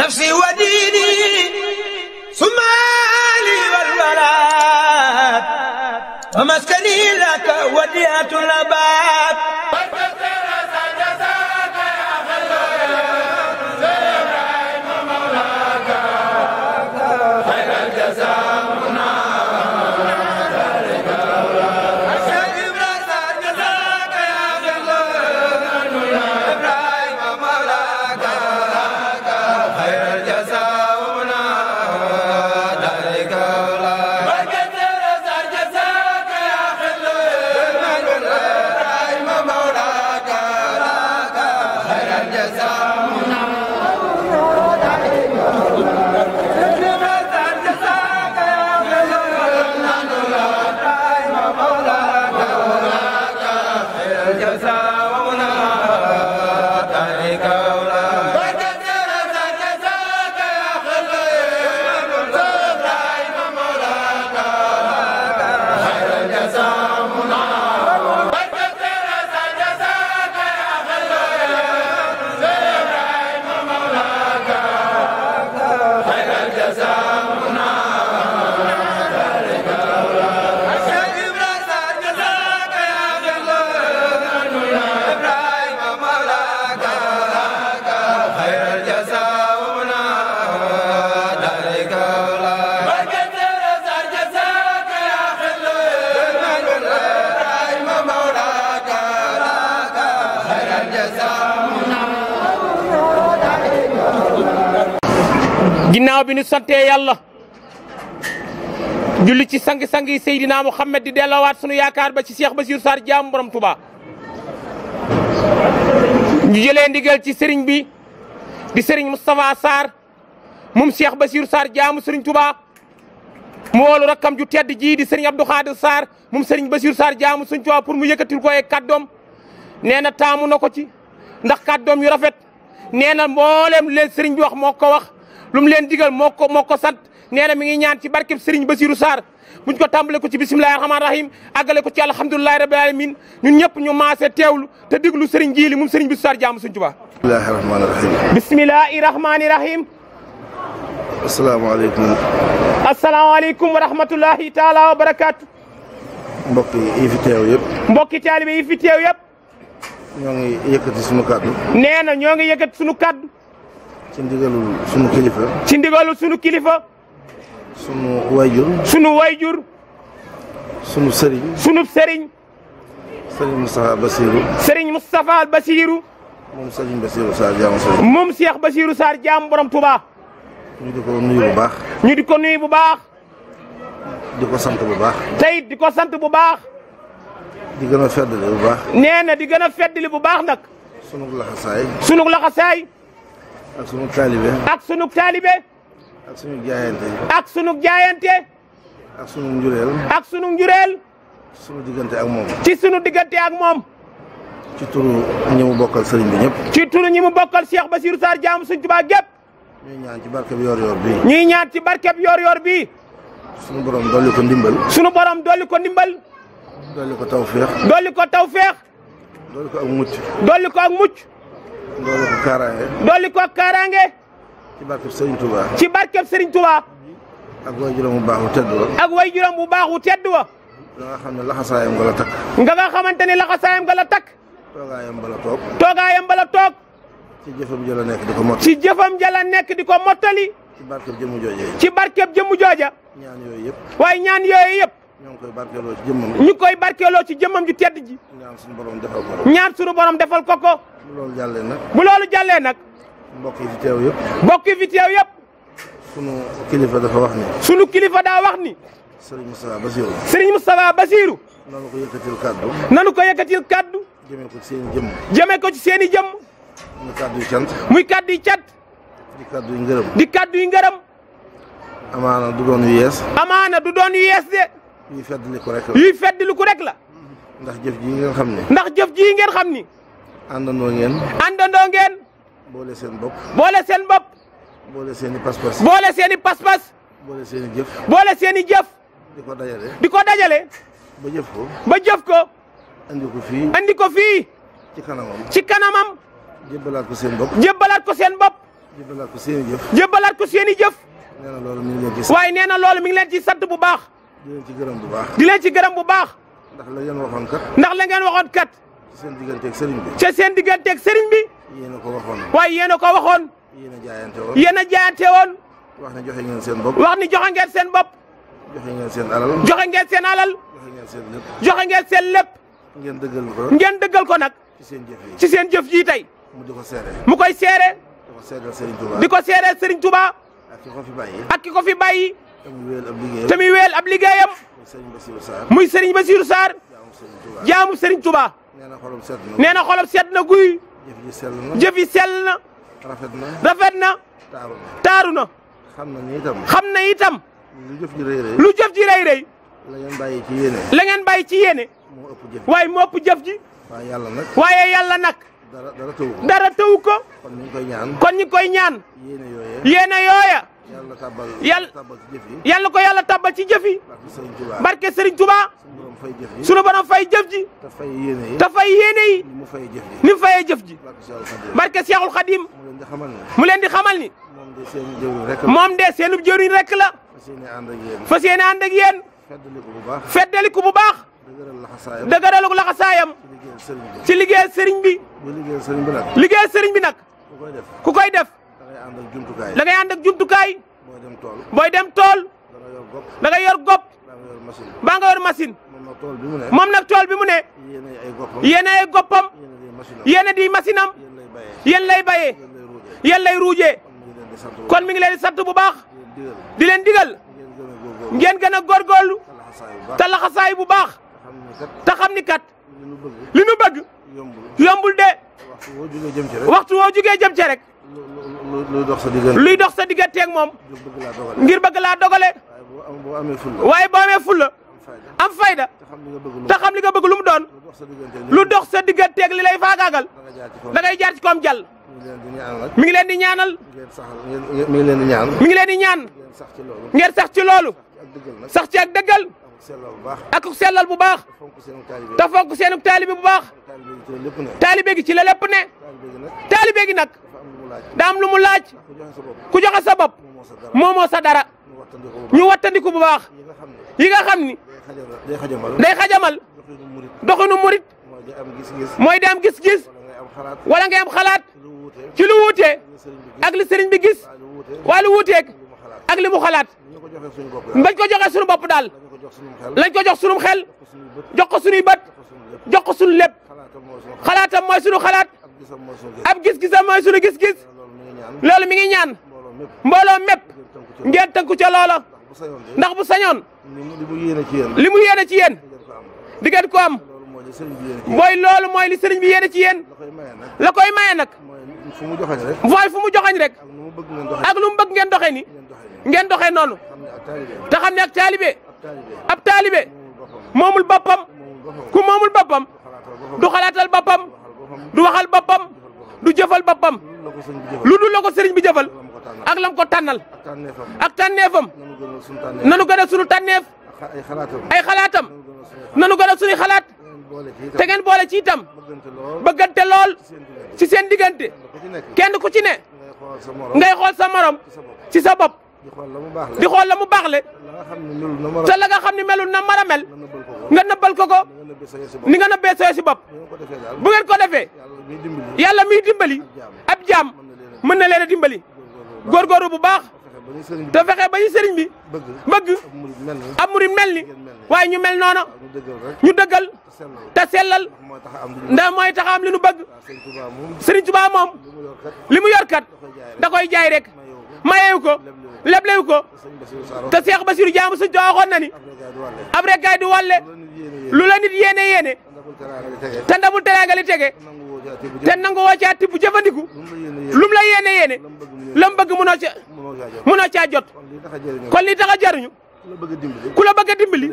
نفسي وديني ثم لي والبلاد ومسكني لك وديعة الأباد waa bi ñu santee yàlla julli ci sang-sang yi Seydina Muhammad di delloowaat sunu yaakaar ba ci Cheikh Bassirou Sarr jaam borom Touba ñu jëlee ndigal ci sëriñ bi di sëriñ Moustapha Sarr mum Cheikh Bassirou Sarr jaamu sëriñ Touba mu woolu rakkam ju tedd ji di sëriñ Abdou Khadir Sarr moom sëriñ Bassirou Sarr jaamu sëriñ Touba mu yëkkatil ko ay kàddoom nee na taamu na ko ci ndax kàddoom yu rafet nee na leen sëriñ bi wax moo wax lum lihat leen digal moko moko sat neena mi ngi ñaan ci barkeb Serigne basirou sar buñ ko ko ci bismillahir rahmanir rahim àggale ko ci alhamdulilahi rabbil alamin ñun ñepp ñu maase teewlu te diglu Serigne Jili mum Serigne bissar jamm serigne touba bismillahir rahmanir rahim. bismillahir rahmanir rahim. assalamu alaykum wa rahmatullahi taala wa barakaatu. mbokk yi fi mbokk taalibe yi fi teew yëpp. ñoo ngi yëkkati kaddu. neena ñoo ngi kaddu. ci ndigalul sunu kilifa. ci ndigalul sunu kilifa. sunu wayjur. sunu wayjur. sunu sëriñ. sunu sëriñ. sëriñ Moustapha Bassirou. sëriñ Moustapha Bassirou. moom sëriñ Bassirou Sarr jaamu Sarr. moom Cheikh Bassirou Sarr jaamu borom Touba. ñu di ko nuyu bu baax. ñu di ko nuyu bu baax. di ko sant bu baax. tey di ko sant bu baax. di gën a feddali bu baax. nee na di gën a feddali bu baax nag. sunu laxasaay. sunu laxasaay. ak sunu taalibe. ak sunu taalibe. ak sunu jaayante. ak sunu jaayante. ak sunu njureel. ak sunu njureel. ci sunu diggante ak moom. ci sunu diggante ak moom. ci turu ñi mu bokkal sëriñ bi ñëpp. ci turu ñi mu bokkal Cheikh Bassirou Sarr jaamu Sëriñ Tuubaa gépp. ñuy ñaan ci barkeb yor-yor bii. ñuy ñaan ci barkeb yor-yor bii. sunu borom dolli ko ndimbal. sunu borom dolli ko ndimbal. dolli ko tawféex. dolli ko tawféex. dolli ko ak mucc. dolli ko ak mucc. doli ko karange dolli ko karange ci barke serigne touba ci barke serigne touba ak wayjuram bu baxu teddu ak wayjuram bu baaxu teddu nga nga xamne laxasaayam gala tak nga nga xamanteni xassayam gala tak togaayam bala tok togaayam bala tok ci jëfam jala nek diko mot ci jëfam jala nek diko motali ci barke jëmu jojja ci barke jëmu jojja ñaan yoy ñu koy ci jëmmam ñu koy ci jëmmam ju tedd ji ñaan suñu borom defal ko ñaan suñu borom defal ko ko bu loolu jàllee nag. bu loolu jàllee nag. mbokk fi teew yëpp. mbokk fi teew yëpp. sunu kilifa dafa wax ni. sunu kilifa daa wax ni. Serigne Moustapha Bassirou. Serigne Moustapha Bassirou. nanu ko yëkkatil kaddu. nanu ko yëkkatil kaddu. jëmee ko ci seen i jëmm. ko ci seen i jëmm. muy kaddu yu cant. muy di kaddu yu ngërëm. di kaddu yu ngërëm. amaana du doon yu yees. amaana du doon yu yees de. yuy feddli ko rek la. yuy feddli ko rek la. ndax jëf ji ngeen xam ni. ndax jëf ji ngeen xam ni. àndandoo ngeen. àndandoo ngeen. boole seen bopp. boole seen bopp. boole seen i pas-pas. boole seen i bolé seni jëf. bolé seni jëf. di dajalé diko di ba jëf ko. ba jëf ko. andi ko fii. andi ko fii. ci kanamam. ci kanamam. jébbalaat ko sen bop jébbalaat ko sen bop jébbalaat ko seni jëf. jébbalaat ko seni jëf. néna na loolu mi ngi leen ci. waaye nee na loolu mi ngi leen ci sant bu baax. di leen ci gërëm bu baax. di leen ci gërëm bu baax. ndax la ngeen waxon kat. ndax la ngeen waxon kat. ci seen digganteeg sëriñ bi. ci seen digganteeg sëriñ bi. ko waxoon. waaye yéen a ko waxoon. yéen a jaayante woon a jaayante woon. wax ne joxe ngeen seen bopp. wax ni joxe ngeen seen bopp. joxe ngeen seen alal. joxe ngeen seen alal. joxe ngeen seen lépp. ngeen seen lépp. ngeen dëggal ko. nag. ci seen jëf yi ci seen jëf yi mu ko seere. mu koy seere. di ko seereel Serigne Touba. di ko seereel Serigne Touba. ak ki ko fi bàyyi. ak ki ko fi bàyyi. te muy wéyal ab liggéeyam. muy Serigne Bassirou Sarr. muy Serigne Bassirou Sarr. jaamu Serigne Touba. nee xolam setna guuy na guy. jëf yi sell na. rafet na rafet ni itam. xamna itam. lu jeuf ji reey reey la ngeen bàyyi ci yene la ngeen bàyyi ci yene moo ëpp jëf waaye dara dara tëwu dara tëwu kon ñu koy ñaan. kon ñu koy ñaan. yene yoya yéene yooya. yàlla yàlla ko yàlla tàbbal ci jëf yi barke Serigne Touba sunu borom fay jëf ji te fay yéene yi ni mu fayee jëf ji barke Cheikhul Khadim mu leen di xamal ni moom de seenub jëriñ rek la fas yéene ànd ak yéen feddaliku bu baax. dëgëral ak laxasaayam ci liggéeyal sëriñ bi liggéeyal sëriñ bi nag ku koy def. da ngay ànd ak jumtukaay. booy dem tool booy dem tool. da ngay yor gopp. baa nga yor machine. moom nag tool bi mu ne. yéen ay goppam. yéen di machine am. yéen lay bayee. yéen lay ruujee. kon mi ngi leen di sant bu baax. di leen digal. ngeen gën a góorgóorlu. te laxasaay bu baax. te xam ni kat. li nu bëgg. yombul de. waxtu woo jugee jëm ci luy dox sa diggante luy dox sa diggante ak moom. ngir bëgg laa dogale. waaye boo amee fulla am fayda te xam li nga bëgg lu mu doon lu dox sa digganteeg li lay faagaagal da ngay jaar ci koom jàll mi ngi leen di ñaanal mi ngi leen di ñaan mi ngi leen di ñaan ngeen sax ci loolu sax ci ak dëggal ak sellal bu baax te fonk seenu taalibe bu baax taalibe gi ci la lépp ne taalibe gi nag daa am lu mu laaj ku joxe sa bopp moomoo sa dara ñu wattandiku bu baax yi ga xam ni day xajamal doxinu murit mooy di am gis-gis wala ngay am xalaat ci lu wuutee ak li sëriñ bi gis waa lu wuuteeg ak li mu xalaat bañ ko joxe suñu bopp daal lañ ko jox sunum xel jox ko sunuy bët jox ko sunu lépp xalaatam mooy sunu xalaat ab gis-gisam mooy sunu gis-gis loolu mi ngi ñaan mbooloo mépp ngeen tënku ca loola ndax bu sañoon li mu yéene ci yéen di ngeen ko am mooy loolu mooy li sëriñ bi yéene ci yéen la koy maye nag mooy fu mu joxañ rek ak lu mu bëgg ngeen doxe ni ngeen doxe noonu te xam ne ak taalibe ab taalibe moomul boppam ku moomul boppam du xalaatal boppam du waxal boppam du jëfal boppam lu dul la ko sëriñ bi jëfal ak lam ko tànnal ak tànneefam nanu gën a sunu tànneef ay xalaatam nanu gën a sunuy xalaat te ngeen boole ci itam bëggante lool ci seen diggante kenn ku ci ne ngay xool sa morom ci sa bopp di xool la mu baax le di xool la mu la nga xam ne melul na mar a mel nga nëbbal ko ko ni nga nëbbee sooy si bopp bu ngeen ko defee yàlla miy dimbali ab jaam mën na leen a dimbali góorgóorlu bu baax te fexe ba ñu sëriñ bi bëgg ab murit mel ni waaye ñu mel noona ñu dëggal te sellal ndax mooy tax li nu bëgg sëriñ Tuubaa moom li mu yor kat da koy jaay rek. mayewu ko leblewu ko te Cheikh Bassirou jaamu sëñ Tuubaa waxoon na ni du wàlle lu la nit yéene yéene te ndabul teraanga li tege te nangu woo a tibb jëfandiku lum la yéene yéene lam bëgg munoo ca jot kon li tax a jaruñu ku la bëgg a dimbali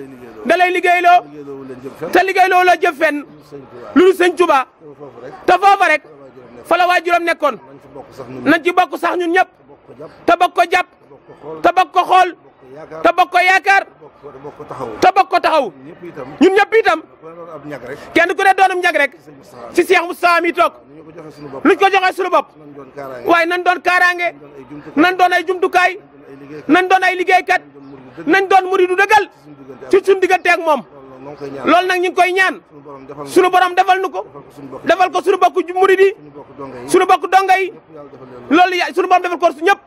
da lay liggéeyloo te liggéeyloo la jëf fenn lu dul sëñ Tuubaa foofa rek fa la waajuram nekkoon nañ ci bokk sax ñun ñëpp. te bokk ko jàpp te bokk ko xool te bokk ko yaakaar te ko taxaw ñun ñëpp itam kenn ku ne doonum ñag rek si Cheikh Moustapha mi toog luñ ko joxee suñu bopp waaye nan doon kaaraange nan doon ay jumtukaay nan doon ay liggéeykat nañ doon muridu dëggal ci suñu diggante ak moom loolu nag ñu ngi koy ñaan suñu borom defal nu ko defal ko suñu bokk murid yi suñu bokk donga yi loolu ya suñu borom defal ko su ñëpp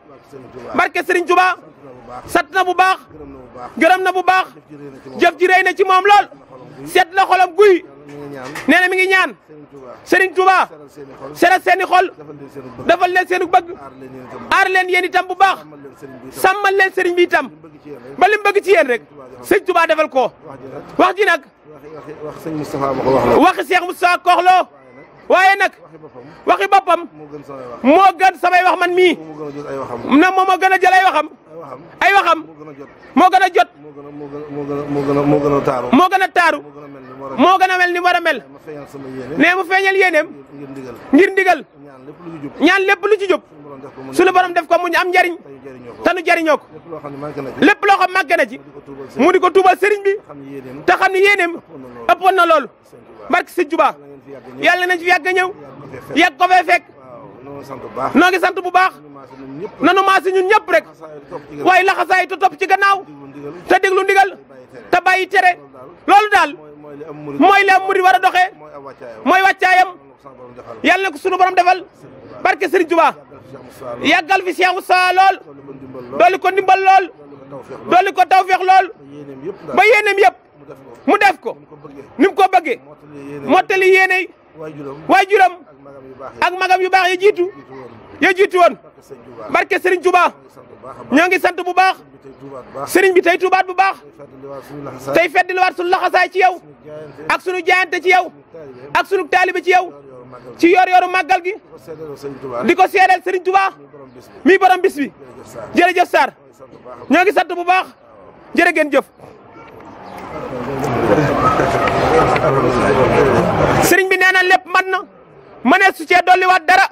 barke Serigne Touba sat na bu baax gërëm na bu baax jëf ji rëy ci moom lool seet na xolam guy nee na mi ngi ñaan Serigne Touba seral seen i xol dafal leen seen bëgg aar leen yéen itam bu baax sàmmal leen Serigne bi itam ba li mu bëgg ci yéen rek Serigne Touba defal ko wax ji nag wax Serigne Moustapha ma ko wax waxi Cheikh Moustapha Koxlo waaye nag waxi boppam moo gën samay wax man mii na moom moo gën a jël ay waxam ay waxam moo gën a jot moo gën a taaru moo gën a taaru moo gën a mel ni war a mel ne mu feeñal yéeneem ngir ndigal ñaan lépp lu ci jub suñu borom def ko mu ñu am njariñ tanu jariñoo ko lépp loo xam màgg a ci mu di ko tuubal sëriñ bi te xam ne yéeneem ëppoon na loolu barke si juba yàlla nañ fi yàgg a ñëw yàgg ko fee fekk noo ngi sant bu baax nanu maasi ñun ñëpp rek waaye laxasaay te topp ci gannaaw te déglu ndigal te bàyyi tere loolu daal mooy li am murid war a doxee mooy wàccaayam yàlla na ko sunu borom defal barke Serigne Touba yàggal fi Cheikh Moussa lool dooli ko ndimbal lool dooli ko tawfeex lool ba yéeneem yëpp mu def ko ni mu ko bëggee mottali yéene yi waajuram ak magam yu baax ya jiitu ya jiitu woon baax Serigne Touba ñoo ngi sant bu baax Serigne bi tey tuubaat bu baax tey feddiliwaat sunu laxasaay ci yow ak sunu jaayante ci yow ak sunu taalibe ci yow ci yor-yoru màggal gi di ko seedeel Serigne Touba mi borom bis bi jërëjëf Sarr ñoo ngi sant bu baax jërë ngeen jëf. sëriñ bi nee na lépp man na mënee su cee dolliwaat dara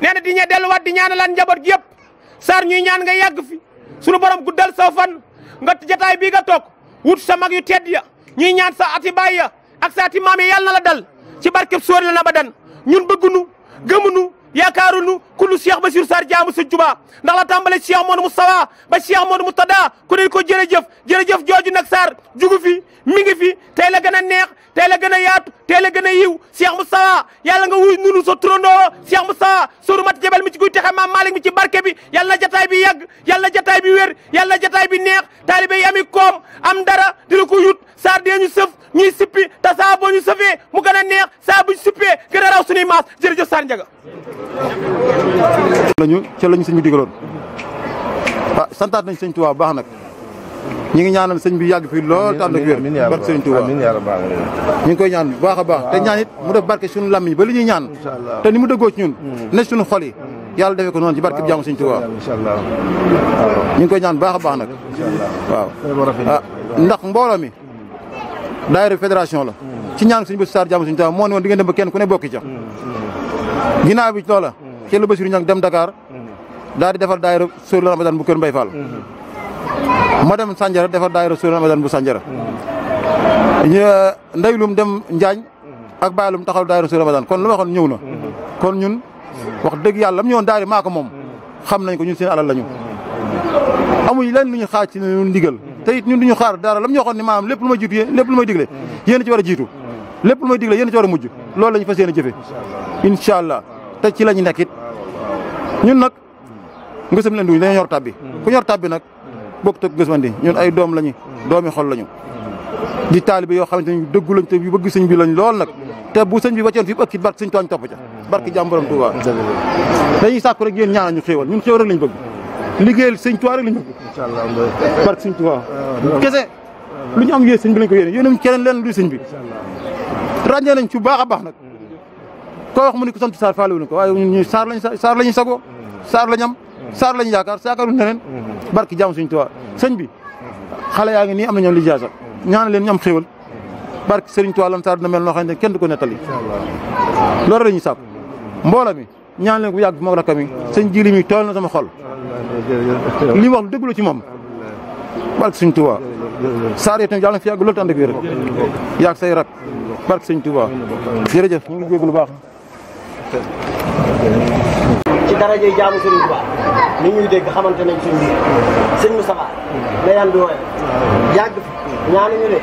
nee na di ñe delluwaat di ñaanalaat njaboot gi yëpp Sarr ñuy ñaan nga yàgg fi sunu borom guddal sa fan nga jataay bii nga toog wut sa mag yu tedd ya ñuy ñaan sa ati ya ak sa ati yi yàlla na la dal ci barkeb sóor la na ba dan ñun bëggunu gëmunu yaakaarunu kullu Cheikh Bassirou Sarr jaamu sa juba ndax la tàmbale Cheikh Modou Moustapha ba Cheikh Modou Moutada ku ne ko jëf jërëjëf jërëjëf jooju nag saar jugu fi mi ngi fi tey la gën a neex tey la gën a yaatu tey la gën a yiw mu Moustapha yalla nga wuy nunu sa turandoo Cheikh Moustapha suru mat jabal mi ci guy texe maam Malick mi ci barke bi yàlla na jataay bi yàgg yàlla na jataay bi wér yàlla na jataay bi neex taalibe yi ami koom am dara dina ko yut saar dee ñu sëf ñuy sippi te saa boo ñu sëfee mu gën a neex saa bu ñu sippee gën a raw suñuy maas jërëjëf Saar Njaga lañu ca lañu sëñ bi digaloon ah, santaat nañ sëñ Tuubaa baax nag ñi ngi ñaanal sëñ bi yàgg fii lool tànn ak wér barke sëñ Tuubaa ñu ngi koy ñaan bu baax a baax te ñaan it mu def barke suñu làmmiñ ba li ñuy ñaan te ni mu dëggoo ci ñun mm. ne suñu xol yi yàlla defee ko noonu ci barke jaamu sëñ Tuubaa ñu ngi koy ñaan baax a baax nag waaw ah, ndax mbooloo mi daayira fédération la. ci ñaan suñu bés saar jàmm suñu taal moo ne woon di ngeen dem ba kenn ku ne bokki ca. ginnaaw bi loola. ci dem Dakar. daal di defar daayira Sóoru bu Kër Mbay Fall. ma dem Sanjara defar daayira Sóoru Ramadan bu Sanjara. ñu euh, ndeylum dem Njaañ. ak bàyyilum taxaw daayira Sóoru Ramadan kon lu ma ñëw na. kon ñun wax dëgg yàlla mu ñëwoon daayira maa ko moom. xam nañ ko ñun seen alal lañu. amuñ lenn lu ñu xaaj ci ñun ndigal. te it ñun du ñu xaar dara lam ñu waxoon ni lépp lu may jiitu yéen lépp lu may digle mm. yéen ci war a jiitu mm. lépp lu may digle yéen a ci war a mujj mm. loolu la ñu fas jëfe incha allah te ci la ñu nekk it ñun nag ngësëm leen duñ dañoo ñor tab bi ku ñor tab bi nag bokk ak ngësmandi ñun ay doom lañu doomi xol lañu di taalibe yoo xamante ni dëggu lañ te yu bëgg sëñ bi lañ lool nag te bu sëñ bi wàccoon fi ëkkit barke sëñ tooñ topp ca barke jàmboram Tuuba dañuy sàkku rek yéen ñaanal ñun xéewal rek lañ bëgg liggéeyal sëñ Tuubaa rek la ñu bëgg barke sëñ Tuubaa ah, kese lu ñu am yéen sëñ bi lañ ko yéene yéenuñ keneen leen luy sëñ bi ràññee nañ ci baax a baax nag koo wax mu ne ko sant Sarr faale wuñu ko waaye ñu Sarr lañ Sarr lañu sago Sarr la am Sarr lañ mm-hmm. yaakaar saakaaruñ neneen mm-hmm. barke jàmm sëñ Tuubaa sëñ bi xale yaa ngi nii am nañu li jaasa ñaan leen ñu am xéwal mm-hmm. barke sëriñ Tuubaa lan Sarr dina mel noo xam ne kenn du ko nettali loolu la ñuy sàpp mbooloo mi ñaan leen ko yàgg moom rakam yi sëñ jili mi tool na sama xol li mu ci moom barke sëñ Tuubaa saar yi tamit yàlla fi yàgg loolu tànd ak wér yàgg say barke sëñ Tuubaa jërëjëf ñu ngi jégg lu baax ci daraje jaamu sëñ Tuubaa ni ñuy dégg xamante nañ sëñ bi sëñ Moustapha na yan di ñaanuñu de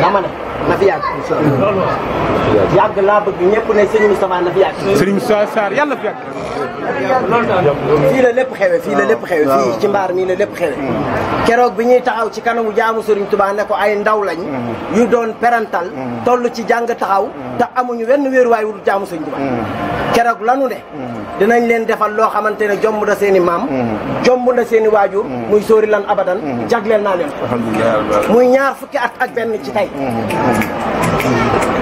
dama ne na fi yàgg. yàgg laa bëgg ñëpp ne Serigne Moustapha na fi yàgg. Serigne Moustapha Sarr yàlla na fi yàgg. fii la lépp xewe fii la lépp xewe fii ci mbaar mii la lépp xewe keroog bi ñuy taxaw ci kanamu jaamu Serigne Touba ko ay ndaw lañ yu doon perantal toll ci jàng taxaw te amuñu wenn wéeruwaay wu jaamu Serigne Touba keroog lanu ne dinañ leen defal loo xamante ne jomb seen i maam jomb na seen muy sóori lan abadan jagleel naa leen ko muy ñaar fukki at ak benn ci tey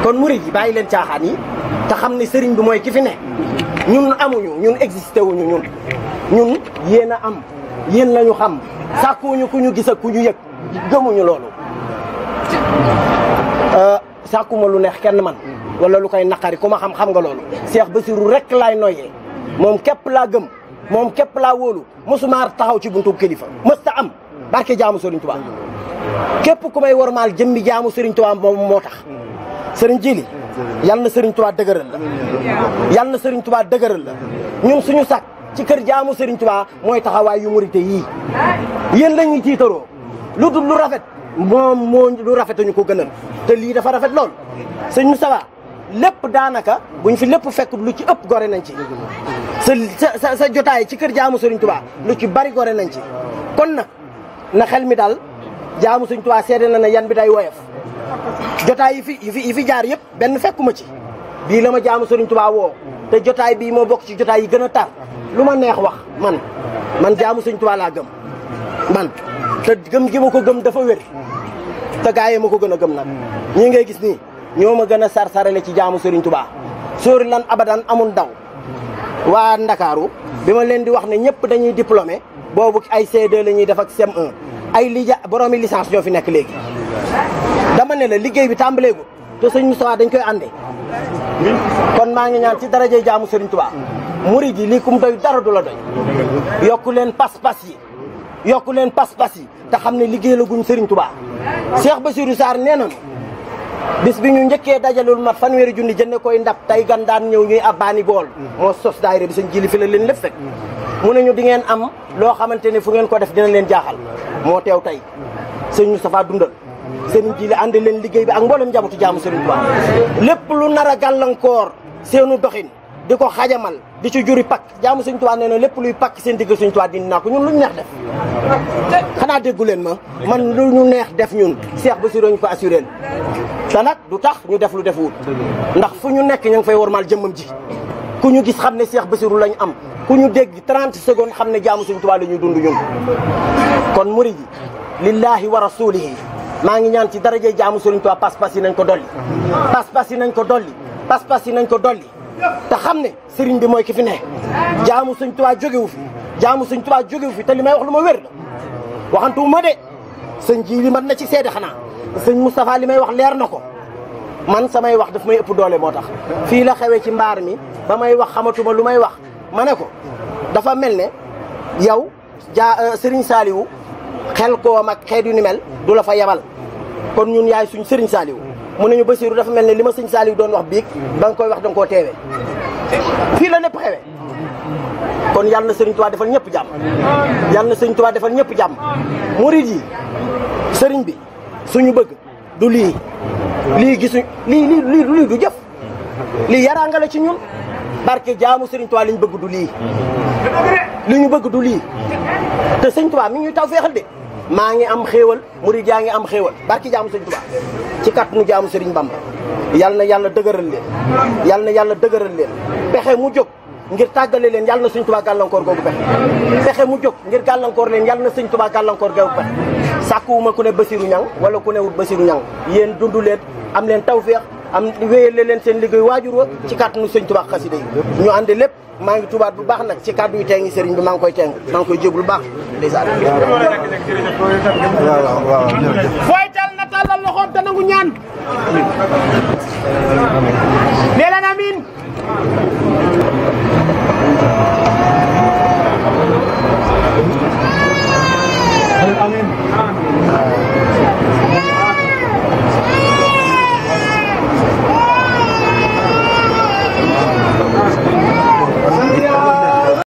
kon murid yi bàyyi leen caaxaan yi te xam ne sëriñ bi mooy ki ne ñun amuñu ñun existé wuñu ñun ñun yéen a am yéen lañu xam sàkkuñu ku ñu gis ak ku ñu yëg gëmuñu loolu euh, sàkkuma lu neex kenn man wala lu koy naqari ku ma xam xam nga loolu Cheikh Bassirou rek laay noyyee moom képp laa gëm moom képp laa wóolu mosuma taxaw ci buntu kilifa mësta am barke jaamu Serigne Touba képp ku may wormaal jëmmi jaamu Serigne Touba moom moo tax Serigne Djili yal na Serigne Touba dëgëral la yal na Serigne Touba dëgëral la ñun suñu sag ci kër jaamu Serigne Touba mooy taxawaay yu murite yii yéen lañuy ñuy tiitaroo lu dul lu rafet moom moo lu rafet rafetuñu ko gënal te lii dafa rafet lool sëñ Moustapha lépp daanaka buñ fi lépp fekk lu ci ëpp gore nañ ci sa sa sa jotaay ci kër jaamu Serigne Touba lu ci bari gore nañ ci kon nag na xel mi daal jaamu Serigne Touba seede na na yan bi day woyof jotaay yi fi yi fi yi fi jaar yëpp benn fekkuma ci bii la ma jaamu Sëriñ Tuubaa woo te jotaay bii moo bokk ci jotaay yi gën a tar lu ma neex wax man man jaamu Sëriñ Tuubaa laa gëm man te gëm gi ma ko gëm dafa wér te gaayee ma ko gën a gëm nag ñii ngay gis nii ñoo ma gën a sarsarale ci jaamu Sëriñ Tuubaa sóori lan abadan amul daw waa Ndakaaru bi ma leen di wax ne ñëpp dañuy diplômé boobu ay C2 la ñuy def ak CM1 ay lija boroomi licence ñoo fi nekk léegi dama ne la liggey bi tàmbaleegul to serigne Moustapha dañ koy andé kon ma ngi ñaan ci daraje jaamu serigne touba murid yi kum doy dara dula doy yokku len pas pass yi yokku len pas pass yi ta xamne liggey la guñ serigne touba Cheikh Bassirou sar nee bis bi ñu ñëkke dajalul mat fanweeri junni jënne koy ndap tay gandaan ñew ñuy abani bol mo sos daayira bi serigne jili fi la len lepp fekk mu ñu di ngeen am lo xamante fu ngeen ko def dina len jaaxal mo tew tay serigne Moustapha dundal Serigne Djily ànd len liggéey bi ak mbolam njabootu jaamu Serigne Touba lepp lu nara galankor senu doxine diko xajamal di ci juri pak jamu Serigne Touba neena lepp luy pak sen digg Serigne Touba dindi nako ñun luñu neex def xana deggu len ma man luñu neex def ñun Cheikh Bassirou ñu ko assurer te nak du tax ñu def lu def wut ndax fu ñu nekk ñang fay wormal jëmmam ji ku ñu gis xamne Cheikh Bassirou lañ am ku ñu degg 30 secondes xamne jamu Serigne Touba lañu dund ñun kon mouride lillahi wa rasulih maa ngi ñaan ci daraje jaamu Sëriñ Tuubaa pas-pas yi nañ ko dolli pas-pas yi nañ ko dolli pas-pas yi nañ ko dolli te xam ne sëriñ bi mooy ki fi ne jaamu sëñ Tuubaa jógewu fi jaamu Sëriñ Tuubaa jógewu fi te li may wax lu ma wér la waxantu ma de sëñ ji li mat na ci seede xanaa sëñ Moustapha li may wax leer na ko man samay wax daf may ëpp doole moo tax fii la xewee ci mbaar mi ba may wax xamatuma lu may wax ma ne ko dafa mel ne yow jaa euh, sëriñ Saliou xel koom ak xeet yu ni mel du la fa yabal kon ñun yaay suñ sëriñ Saliou mu ne ñu Basiru dafa mel ne li ma sëñ Saliou doon wax biig ba nga koy wax danga koo teewee fii la népp xewe kon yàlla na sëriñ Tuubaa defal ñëpp jàmm yàlla na defal ñëpp jàmm murid yi sëriñ bi suñu bëgg du lii lii gisuñ lii lii lii lii du jëf lii yaraanga ci ñun barke jaamu sëriñ Tuubaa li bëgg du lii li bëgg du lii te sëñ Tuubaa mi ñuy taw feexal de maa ngi am xéewal murid yaa ngi am xéewal barki jaamu sëriñ Tuubaa ci kàttanu jaamu sëriñ Bamba yal na yàlla dëgëral leen yal na yàlla dëgëral leen pexe mu jóg ngir tàggale leen yal na sëriñ Tuubaa gàllankoor googu pexe pexe mu jóg ngir gàllankoor leen yal na sëriñ Tuubaa gàllankoor googu pexe sàkkuwuma ku ne Basiru ñang wala ku ne wut Basiru ñang yéen dundu leen am leen tawféex am wéyale leen seen liggéey waajur wa ci kàttanu sëñ Tuubaa xasida yi ñu ànd lépp maa ngi tubaat bu baax nag ci kàddu yu teengi sëriñ bi maa ngi koy teng maa ngi koy jég baax ndeysaan fooy tal na tàllal loxoom te nangu ñaan nee leen amiin